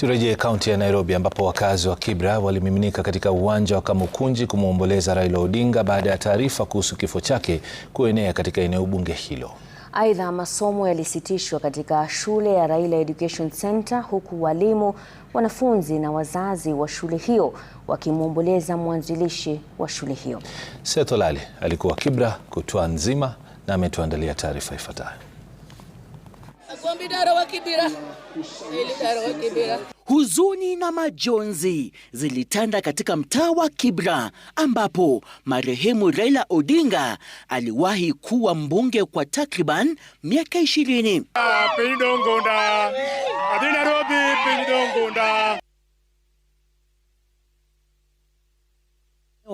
Turejee kaunti ya Nairobi ambapo wakazi wa Kibra walimiminika katika uwanja wa Kamukunji kumwomboleza Raila Odinga baada ya taarifa kuhusu kifo chake kuenea katika eneo bunge hilo. Aidha, masomo yalisitishwa katika shule ya Raila Education Center huku walimu, wanafunzi na wazazi wa shule hiyo wakimwomboleza mwanzilishi wa shule hiyo. Setolale alikuwa Kibra kutwa nzima na ametuandalia taarifa ifuatayo. Huzuni na majonzi zilitanda katika mtaa wa Kibra ambapo marehemu Raila Odinga aliwahi kuwa mbunge kwa takriban miaka ishirini. Ah,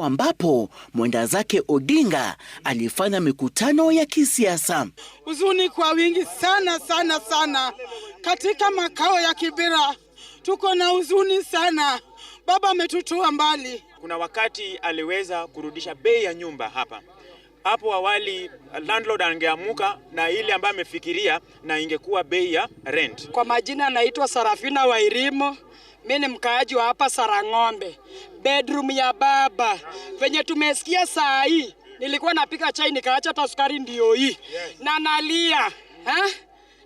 ambapo mwenda zake Odinga alifanya mikutano ya kisiasa. Huzuni kwa wingi sana sana sana katika makao ya Kibera, tuko na huzuni sana, baba ametutoa mbali. Kuna wakati aliweza kurudisha bei ya nyumba hapa hapo awali landlord angeamuka na ile ambayo amefikiria, na ingekuwa bei ya rent. Kwa majina anaitwa Sarafina Wairimo, Mi ni mkaaji wa hapa Sarang'ombe, bedroom ya baba venye tumesikia saa hii. Nilikuwa napika chai nikaacha hata sukari, ndio hii na nalia ha?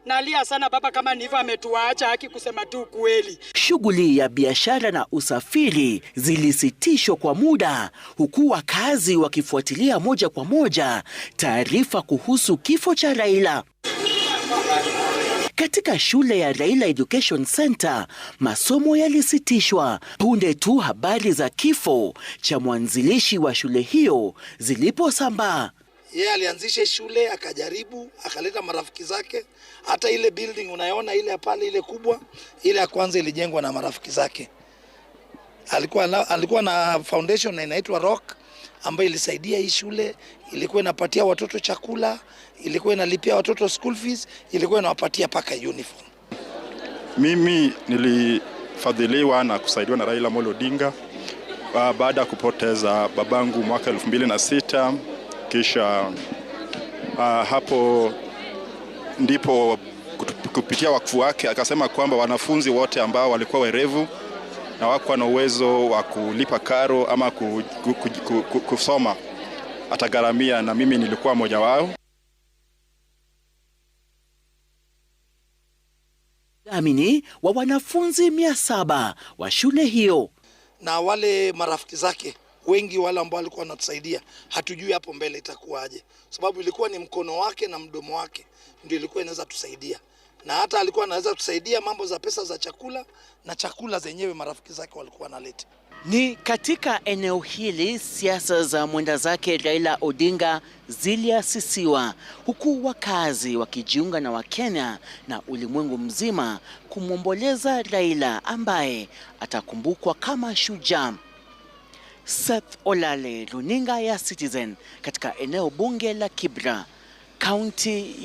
Nalia sana baba, kama nivo ametuacha, haki kusema tu kweli. Shughuli ya biashara na usafiri zilisitishwa kwa muda, huku wakazi wakifuatilia moja kwa moja taarifa kuhusu kifo cha Raila. Katika shule ya Raila Education Center masomo yalisitishwa punde tu habari za kifo cha mwanzilishi wa shule hiyo ziliposambaa yeye alianzisha shule akajaribu, akaleta marafiki zake. Hata ile building unayoona ile pale, ile kubwa ile ya kwanza ilijengwa na marafiki zake. Alikuwa, alikuwa na foundation na inaitwa Rock ambayo ilisaidia hii shule, ilikuwa inapatia watoto chakula, ilikuwa inalipia watoto school fees, ilikuwa inawapatia paka uniform. Mimi nilifadhiliwa na kusaidiwa na Raila Amolo Odinga ah, baada ya kupoteza babangu mwaka 2006 kisha uh, hapo ndipo kupitia wakfu wake akasema kwamba wanafunzi wote ambao walikuwa werevu na wakuwa na uwezo wa kulipa karo ama ku, ku, ku, ku, ku, kusoma atagharamia, na mimi nilikuwa mmoja wao. Amini wa wanafunzi mia saba wa shule hiyo na wale marafiki zake wengi wale ambao walikuwa wanatusaidia, hatujui hapo mbele itakuwaje, sababu ilikuwa ni mkono wake na mdomo wake ndio ilikuwa inaweza tusaidia, na hata alikuwa anaweza tusaidia mambo za pesa za chakula na chakula zenyewe marafiki zake walikuwa wanaleta. Ni katika eneo hili siasa za mwenda zake Raila Odinga ziliasisiwa huku wakazi wakijiunga na Wakenya na ulimwengu mzima kumwomboleza Raila ambaye atakumbukwa kama shujaa Seth Olale, Luninga ya Citizen katika eneo bunge la Kibra, kaunti